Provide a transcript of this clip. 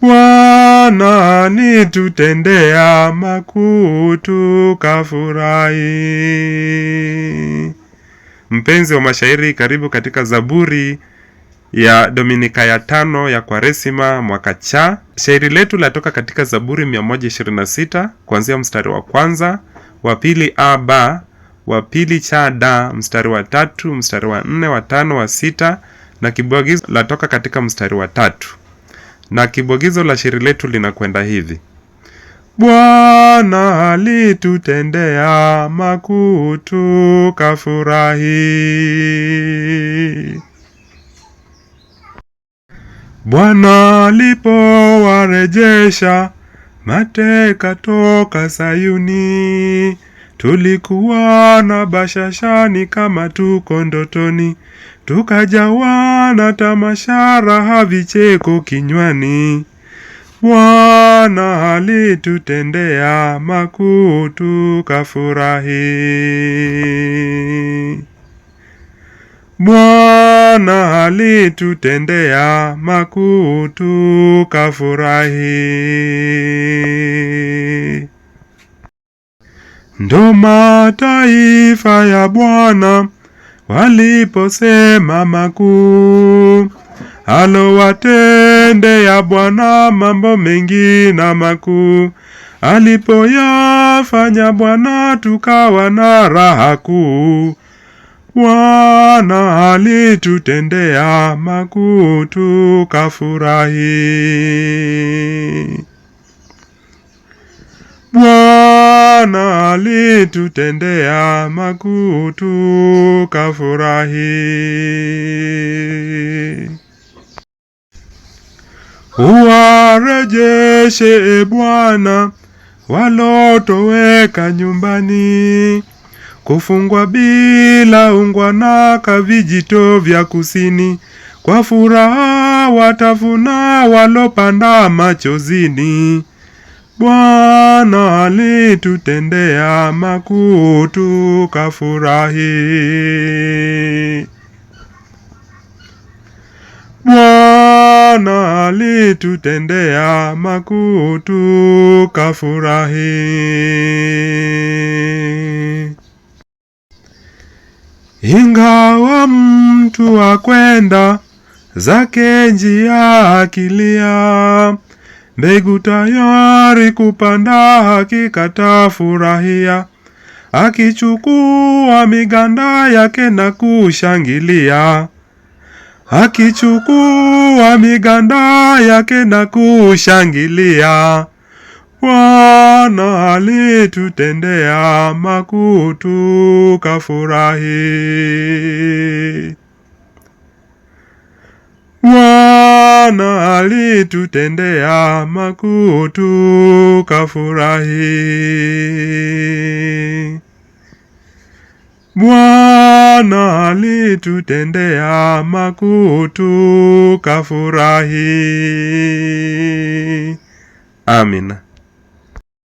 Bwana tutendea makuu tukafurahi. Mpenzi wa mashairi, karibu katika Zaburi ya Dominika ya tano ya Kwaresima mwaka cha. Shairi letu latoka katika Zaburi 126 kuanzia mstari wa kwanza, wa pili a ba, wa pili cha da, mstari wa tatu, mstari wa nne, wa tano, wa sita na kibwagizo latoka katika mstari wa tatu na kibwagizo la shairi letu linakwenda hivi: Bwana alitutendea makuu tukafurahi. Bwana alipowarejesha mateka toka Sayuni Tulikuwana bashashani kama tuko ndotoni, tukajawana tamasha, raha, vicheko kinywani. Bwana alitutendea makuu, tukafurahi. Bwana alitutendea makuu, tukafurahi. Ndo mataifa ya Bwana waliposema makuu, alowatendea Bwana mambo mengi na makuu, alipoyafanya Bwana tukawa na raha kuu. Bwana alitutendea makuu tukafurahi. Bwana alitutendea makuu, tukafurahi. Uwarejeshe, E Bwana, walotoweka nyumbani, kufungwa bila ungwanaka vijito vya kusini. Kwa furaha watafuna walopanda machozini. Bwana alitutendea makuu tukafurahi. Bwana alitutendea makuu tukafurahi. Ingawa mtu akwenda zake njia akilia Mbegu tayari kupanda, hakika tafurahia, akichukua miganda yake na kushangilia, akichukua miganda yake na kushangilia. Bwana alitutendea makuu, tukafurahi. Bwana alitutendea makuu, tukafurahi. Bwana alitutendea makuu, tukafurahi. Amina.